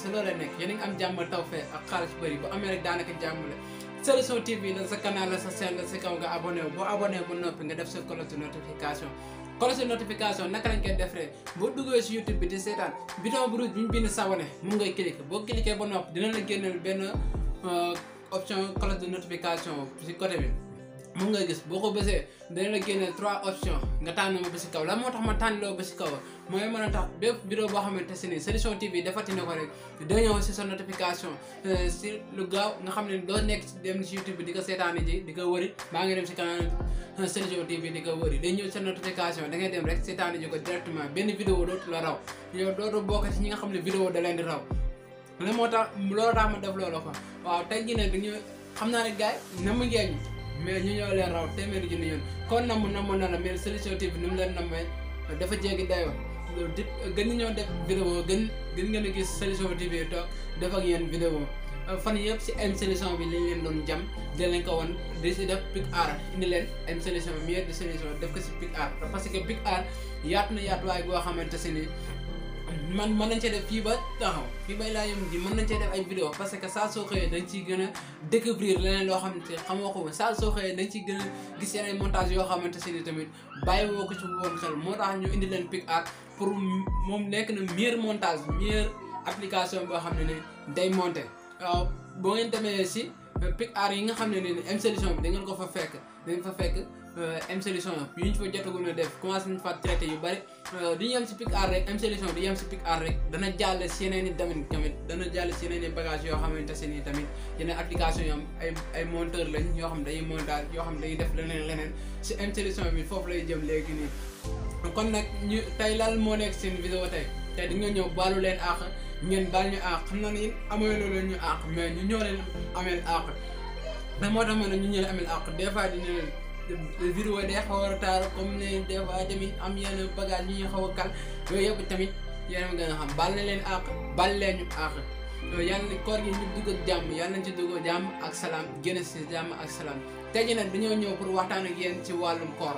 si loolee nekk yéen a ngi am jàmm tawfeex ak xaalis bëri bu amee rek daanaka jàmm la solution TV nag sa canal la sa chaîne la si kaw nga abonné wu boo abonné bu noppi nga def sa cloche notification cloche notification naka lañ koy defee boo duggee si YouTube bi di seetaan bidon bu rouge bi ñu bind sabone mu ngay cliqué boo cliqué ba noppi dina la génneel benn euh, option cloche de notification si côté bi. mun nga gis boo ko bësee dana la génne trois options nga tànn ma ba si kaw lan moo tax ma tànn loo ba si kaw mooy mën a tax bépp bureau boo xamante ne solution TV defati na da ñëw si sa notification euh, si lu gaaw nga ne doo nekk dem si YouTube di ko seetaani ji di ko euh, benn vidéo dootu la raw yow dootu bokk si ñi nga xam ne vidéo da di raw lan moo tax loolu tax ma def loolu ko waaw tey jii nag dañu xam naa ne gars yi na mu ngeeñu mais ñu ñoo leen raw téeméeri junni yoon kon namm namm na la mais solution TV ni mu leen nammee dafa jéggi dayoo di gën ñu ñoo def vidéo gën gën ngeen a gis solution TV toog def ak yéen vidéo fan yëpp si une solution bi lañ leen doon jam di leen ko woon di si def pic aar indi leen une solution bi meilleure de solution def ko si pic aar parce que pic aar yaatu na yaatuwaay boo xamante si ni man mën nañ cee def fii ba taxaw fii ba laa yem ji mën nañ cee def ay vidéo parce que saa soo xëyee dañ ciy gën a découvrir leneen loo xamante xamoo ko woon saa soo xëyee dañ ciy gën a gis yeneen montage yoo xamante si ni tamit bàyyi woo ko ci woon xel moo tax ñu indi leen pic art pour moom nekk na meilleur montage meilleur application boo xam ne ne day monter waaw boo ngeen demee si pic art yi nga xam ne ne M Solution bi da ko fa fekk da fa fe Euh, M solution yu ñu fa jotagum na def commencé nañ fa traité yu bëri euh, du ñu yem si Pic Art rek M solution du si Pic Art rek dana jàll si yeneen i tamit dana jàll si yeneen i bagages yoo xamante ne nii tamit yeneen application yi am ay ay monteur lañ yoo xam dañuy montage yoo dañuy def leneen leneen si bi foofu lay jëm léegi kon nag ñu tey lal moo nekk seen vidéo tey te dañu ñëw baalu leen àq ngeen baal ñu àq xam naa ne yéen ameeloo leen ñu àq mais ñu ñoo leen amee àq mais moo tax ma ne ñu ñëw ameel àq fois dina vidéo day xaw a retard comme ne des a tamit am yenn bagage yu ñuy xaw a kal yooyu yëpp tamit yéen a gën a xam bal na leen àq bal leen ñu àq yàlla na koor gi ñu dugg ak jàmm yàlla nañ ci dugg jàmm ak salaam génn si jàmm ak salaam tey jii nag dañoo ñëw pour waxtaan ak yéen ci wàllum koor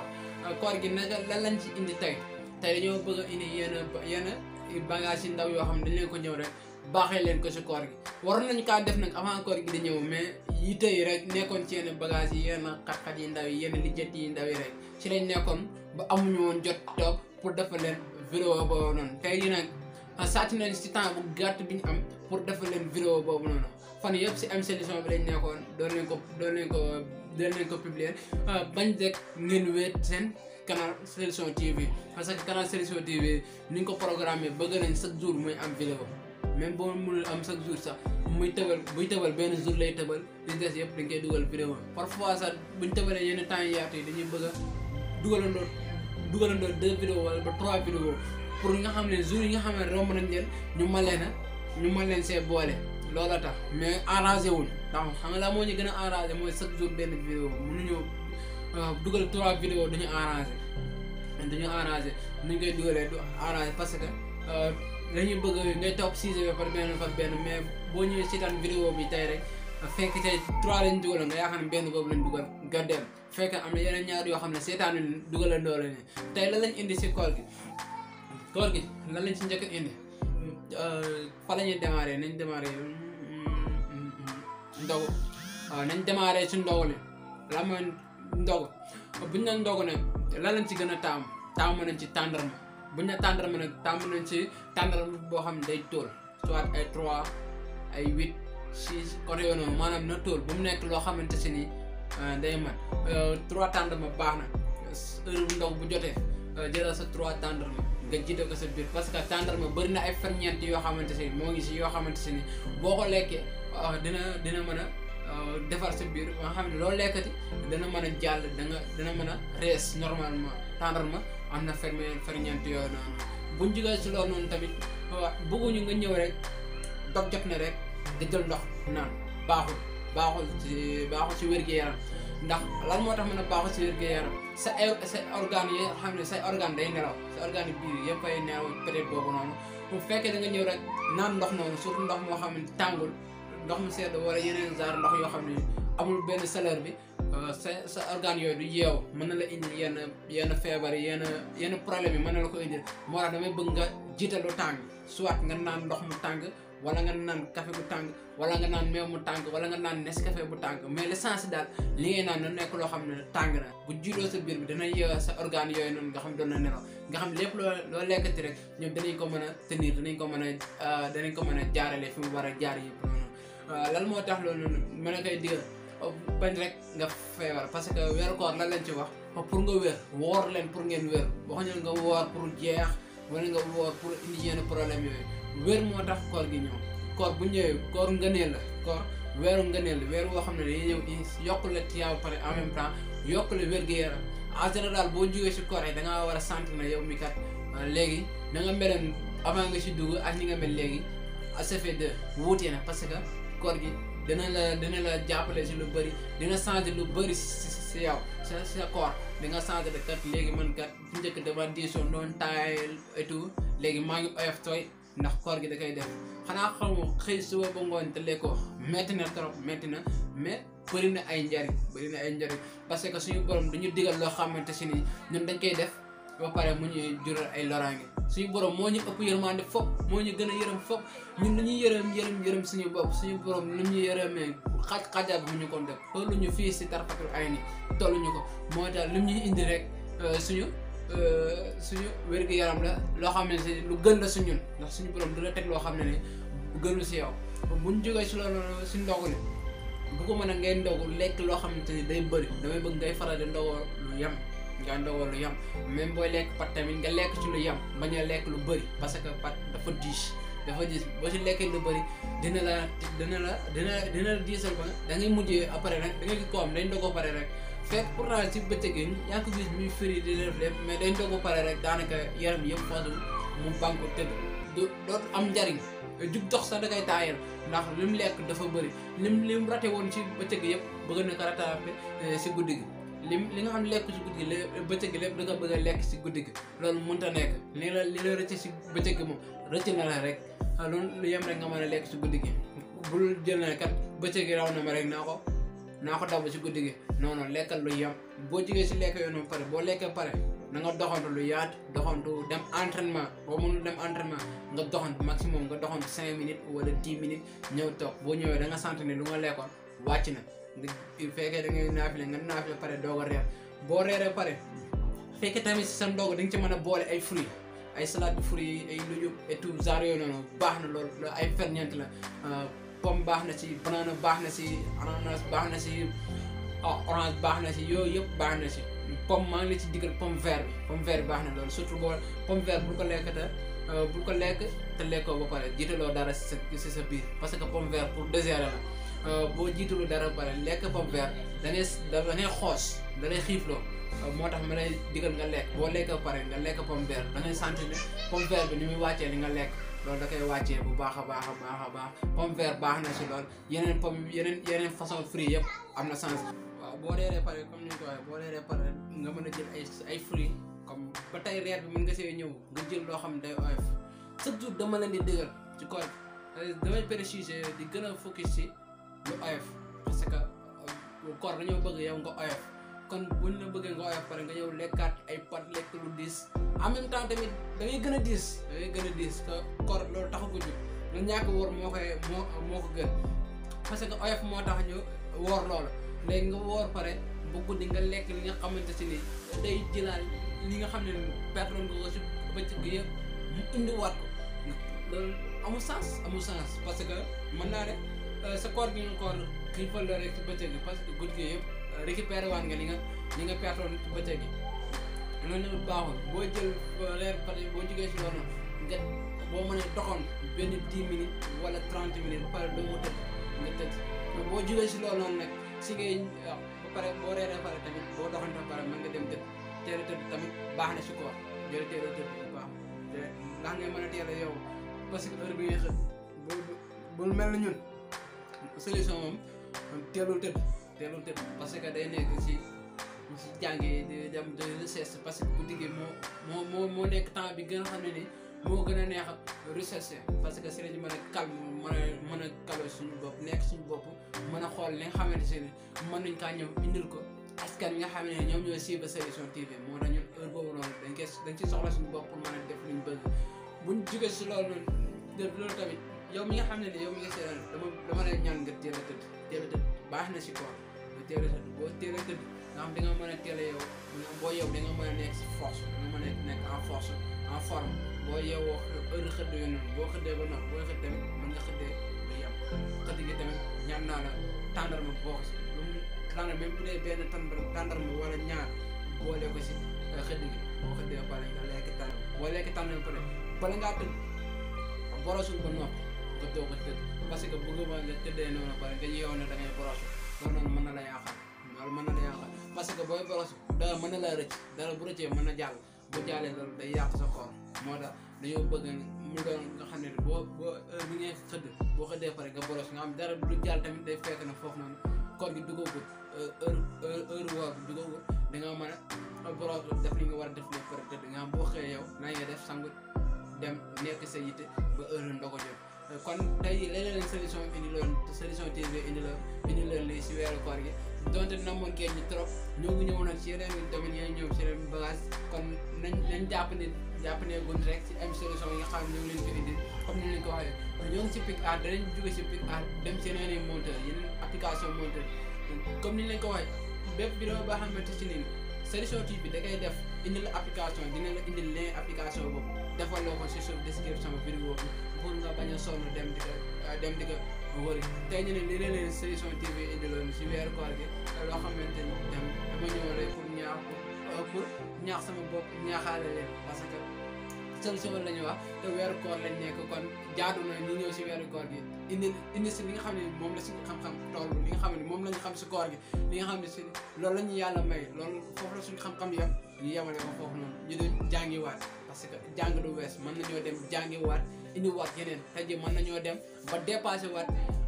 koor gi naka lan lañ ci indi tey tey dañoo bëgg a indi yenn yenn bagage yi ndaw yoo xam ne dañ leen ko ñëw rek baaxee leen ko ci koor gi waroon nañu kaa def nag avant koor gi di ñëw mais yi tey rek nekkoon ci yenn bagage yi yenn xat-xat yi ndaw yi yenn lijjët yi ndaw yi rek ci lañ nekkoon ba amuñu woon jot toog pour defal leen vidéo boobu noonu tey jii nag ah, sàcc nañ ci temps bu gàtt bi ñu am pour defal leen vidéo boobu noonu fan yëpp ci am bi lañ nekkoon doon nañ ko doon nañ ko doon nañ ko publier ah, bañ rek ngeen wéet seen canal solution TV parce que canal solution TV ni ñu ko programmé bëgg nañ chaque jour muy am vidéo même boo mënul am chaque jour sax muy tebal buy tebal benn jour lay tebal li des yëpp dañ koy dugal vidéo parfois sax buñ tebalee yenn temps yi yaatu yi dañuy bëgg a dugalandoo dugalandoo deux vidéos wala ba trois vidéos pour nga xam ne jour yi nga xam ne romb nañ leen ñu mën leen a ñu mën leen see boole loola tax mais arrangé wul donc xam nga laa moo ñu gën a arrangé mooy chaque jour benn vidéo mënuñoo euh, dugal trois vidéos dañu arrangé dañu arrangé nuñ koy dugalee du arrangé parce que. Euh, dañuy bëgg ngay topp sujet bi par benn boo ñëwee seetaan vidéo bi tey rek fekk tey lañ dugaloon nga yaakaar benn boobu lañ dugal nga dem fekk yeneen ñaar yoo xam ne seetaan nañ dugalandoo la ne tey lan lañ indi si koor gi koor gi lan lañ si njëkk indi euh, fa la ñuy nañ démarrer hmm, hmm, hmm, ndogu waaw euh, nañ démarrer si ndogu li la mooy ndogu bu ñu naan lan lañ ci gën a taamu taamu nañ ci tàndarma buñ ne tàndarma nag tàmm nañ ci tàndarma boo xam ne day tóol soit ay 3 ay 8 6 côté yooyu noonu maanaam na tool bu mu nekk loo xamante si ni euh, day man 3 euh, tàndarma baax na ndox bu ndaw bu jotee euh, jëlal sa 3 tàndarma nga jiite ko sa biir parce que tàndarma bëri na ay ferñeent yoo xamante si ni moo ngi si yoo xamante si ni boo ko lekkee dana dina mën a defar sa biir ba xam ne loolu lekkati dana mën a jàll da nga dana mën a rees normalement tàndarma am na ferme ferñeent yooyu noonu buñ jógee si loolu noonu tamit bëgguñu nga ñëw rek dog jot ne rek di jël ndox naan baaxul baaxul ci baaxul ci wér-gu-yaram ndax lan moo tax mën a baaxul ci wér-gu-yaram sa organe yi xam ne say organe day nelaw sa organe biir yëpp ay nelaw peut boobu noonu bu fekkee da nga ñëw rek naan ndox noonu surtout ndox moo xam ne tàngul ndox mu sedd a yeneen genre ndox yoo xam ne amul benn salaire bi Euh, sa sa organe yooyu du yeew mën na la indi yenn yenn feebar yi yenn problème yi mën na la ko indi moo tax damay bëgg nga jiitalu tàng soit nga ndox mu tàng wala nga naan café bu tàng wala nga naan meew mu tàng wala nga naan Nescafé bu tàng mais l'essence daal li ngay naan na nekk loo xam ne tàng na bu juddoo sa bi dana yeewa sa organe yooyu noonu nga xam doon na nelaw nga xam lépp loo loo lekkati rek ñoom danañ ko mën a tenir danañ ko mën a euh, danañ ko mën a jaarale fi war a jaar yëpp bañ rek nga feebar parce que weeru koor lan lañ ci wax pour nga wér woor leen pour ngeen wér waxuñu nga woor pour jeex wala nga woor pour indi problème yooyu wér moo tax koor gi ñëw koor bu ñëwee koor ngëneel la koor weeru ngëneel la weer woo xam ne dañuy ñëw yokk la tiyaaw en même temps yokk la wér gi yaram en général boo jógee si koor yi da ngaa war a sentir na yow mi kat léegi na nga meloon avant nga si dugg ak ni nga mel léegi ça fait de wuute na parce que koor gi. dina la dina la jàppale si lu bëri dina sange lu bëri si si yow sa sa corps di nga changer de kat léegi man kat bu njëkk dama diisoon doon taay et léegi maa ngi oyof tooy ndax koor gi da kay def xanaa xamu xëy suba ba ngoon te lekkoo metti na trop métti na mais bëri na ay njariñ bëri na ay njariñ parce que suñu borom dañu diggal loo xamante si ni ñun dañ koy def ba pare mu ñuy jural ay loraange suñu borom moo ñu ëpp yërmande fop moo ñu gën a yërëm fop ñun dañuy yërëm yërëm yërëm suñu bopp suñu borom lu ñu yërëmee xaaj xaajaat bi mu def tollu ñu fii si tarfatul ay ni tollu ñu ko moo tax lu ñuy indi rek euh, suñu euh, suñu wérgu yaram la loo xam ne si lu gën la si ñun ndax suñu borom dina teg loo xam ne ne gënul si yow buñ jógee si loolu si ndogu ni bu ko mën a ngay ndogu lekk loo xamante ni day bëri damay bëgg ngay faral di ndogoo lu yem nga ndogoo lu yam même booy lekk pat tamit nga lekk ci lu yam bañ a lekk lu bëri parce que pat dafa diis dafa diis boo ci lekkee lu bëri dina la dina la dina dina la diisal ba da ngay mujjee après rek da ngay gis ko am day ndogoo pare rek fekk pourtant ci bëccëg yi yaa mais day ndogoo pare rek daanaka yaram yëpp foosul mu bànku tëdd du dootu am njariñ jub dox sax da koy taayal ndax lim lekk dafa bëri lim lim rate woon ci bëccëg yëpp bëgg na ko rataape eh, guddi gi li li nga xam lekk ci guddi gi bëccëg gi lépp da nga bëgg a lekk si guddi gi loolu mënut a nekk li la li la rëcc ci bëccëg moom rëcc na la rek loolu ah, lu yem rek nga mën a lekk ci guddi gi bul jël kat bëccëg gi raw na ma rek naa ko naa ko dabb ci guddi gi lekkal lu yem boo jigee ci lekk yooyu noonu pare boo lekkee pare na nga doxantu lu yaat doxantu dem entraînement boo mënul dem entraînement nga doxantu maximum nga doxantu cinq minutes wala dix minutes ñëw toog boo ñëwee da nga sant ne lu nga lekkoon wàcc na nga fekkee da ngay naafile nga naafile pare doog a reer boo reeree pare fekkee tamit si sa ndogu da nga ci mën a boole ay fruits ay salade de ay lujub et tout genre yooyu baax na loolu ay ferñeent la euh, pomme baax na ci banana baax na si ananas baax na ci ah, orange baax na si yooyu yëpp baax na si pomme maa ngi la ci digal pomme vert bi pomme vert baax na loolu surtout boo pomme vert bu ko lekk te euh, bu ko lekk te lekkoo ba pare jiitaloo dara si sa si sa biir parce que pomme vert pour désert la. Euh, boo jiitulu dara ba pare lekk pomme verte da da xoos da ngay xiifloo euh, moo tax ma lay digal nga lekk boo lekk ba pare nga lekk pomme verte da ngay sentir ne pomme verte bi ni muy li nga lekk loolu da koy wàccee bu baax a baax a baax a baax pomme verte baax na si lool yeneen pomme yeneen yeneen façon fruit yëpp am na sens. waaw boo reeree pare comme ni ñu ko boo reeree pare nga mën a jël ay ay fruit comme ba tey reer bi mën nga see ñëw nga jël loo xam ne day oyof chaque jour dama leen di dëgal ci koor damay préciser di gën a focus si. lu oyof parce que koor euh, dañoo bëgg yow nga oyof kon buñ la bëggee nga oyof pare nga ñëw lekkaat ay pat lekk lu diis en même temps tamit da ngay gën a diis da gën a diis te koor loolu taxaguñu ñu ñàkk woor moo koy moo moo ko gën parce que oyof moo tax ñu woor loolu léegi nga woor pare bu guddi nga lekk li nga xamante si ni day jëlaal li nga xam ne pertoon nga ko si bëccëg gi yëpp mu indiwaat ko amul sens amul sens parce que mën naa ne sa koor gi ñu koor xiifal la rek ci bëccëg gi parce que guddi gi yëpp récupéré waan nga li nga li nga pertoon ci bëccëg gi loolu baaxul boo jël leer pare boo jugee si loolu nga boo mënee benn dix minutes wala trente minutes pare doo mu tëdd nga boo jugee si loolu si ngay ah, ba pare boo reeree pare tamit boo doxante pare mën nga dem tëdd teel a tëdd baax na si koor jël teel a mën a teel a yow parce que bi ngay xëy bul mel na ñun solution moom teelul tëdd teelul parce que day nekk ci ci jàngee di dem de recherche parce que bu diggee moo moo moo moo nekk temps bi gën a xam ne ni moo gën a neex recherche parce que si lañu mën a calme mën mën a calme suñu bopp nekk suñu bopp mën a xool li nga xamante ne mën nañ kaa ñëw indil ko askan wi nga xam ne ñoom ñoo suivre Solution TV moo tax ñun heure boobu noonu dañ koy dañ ciy soxla suñu bopp pour a def luñ bëgg buñ jógee si loolu noonu loolu tamit. yow mi nga xam ne ne yow mi nga seetaan dama dama lay ñaan a tëdd teel a baax na si koor nga teel a tëdd boo teel a tëdd nga xam da nga boo yow da nga mën nekk si force nga mën nekk en force en forme boo yo noonu boo xëddee ba noonu boo xëdd tamit mën nga xëddee lu yem xëdd gi tamit ñaan naa la bu dee benn tàndar tàndarma wala ñaar boole ko si euh, xëdd gi boo xëddee ba pare këddoo parce que bëgguma nga tëddee noonu pare nga yeewoon ne da ngay brosse loolu na la yàqal loolu mën na la yàqal parce que booy brosse dara mën na la rëcc dara bu rëccee mën na jàll bu jàllee loolu day boo boo heure bi ngay xëdd boo xëddee pare nga brosse am dara lu jàll tamit day fekk na foofu noonu koor gi duggagul heure heure heure woor bi duggagul da nga a brosse def li nga war a def lépp pare nga am boo xëyee yow naa ngay def sangu dem nekk sa yitte ba heure ndogo Euh, kon tey jii leneen leen solution indi loon solution TV indi la indi loon lii si weeru koor gi donte na moon ngeen ñu trop ñoo ngi ñëwoon ak si yeneen domaine yeneen si yeneen bagage kon nañ jàpp ne jàpp ne gun rek si am solution yi nga leen ko indi comme ni leen ko waxee ñoo ngi si Pic Art dem si yeneen monteur yeneen application monteur comme ni leen ko waxee bépp vidéo boo xamante si nii solution TV da koy def indi la application dina la indil lien application boobu defal loo ko si suuf description vidéo bi pour nga bañ a sonn dem di ah, dem di ko wëri tey ñu ne li leen leen solution TV indiloon si weeru koor gi loo xamante ni dem dama ñëw rek ah, sama bopp ñaaxaale parce que solution la ñuy wax te weeru koor lañ nekk kon jaadu na ñu ñëw si weeru koor gi indi indi si li nga xam ne moom la si xam-xam toll li nga xam ne moom lañu xam si koor gi li nga xam ne si loolu la ñu yàlla may loolu foofu la suñu xam-xam yem ñu yemale ko foofu noonu ñu doon jàngiwaat parce que jàng du wees mën nañoo dem jàngiwaat indiwaat yeneen tey man na ñoo dem ba dépassé waat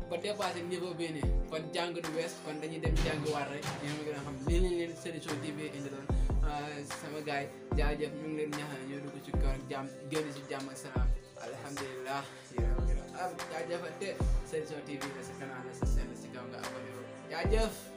ba dépassé niveau bii nii kon jàng du wees kon dañuy dem jàngiwaat rek yéen a ngi xam lii lañ leen Solution TV indi doon ah, sama gars yi jaajëf ñu ngi leen ñaxal ñoo dugg ci kër jaam génn ci jàmm ak salaam alhamdulilah yéen a ah, TV la sa canal la sa chaîne si kaw nga abonné wu jaajëf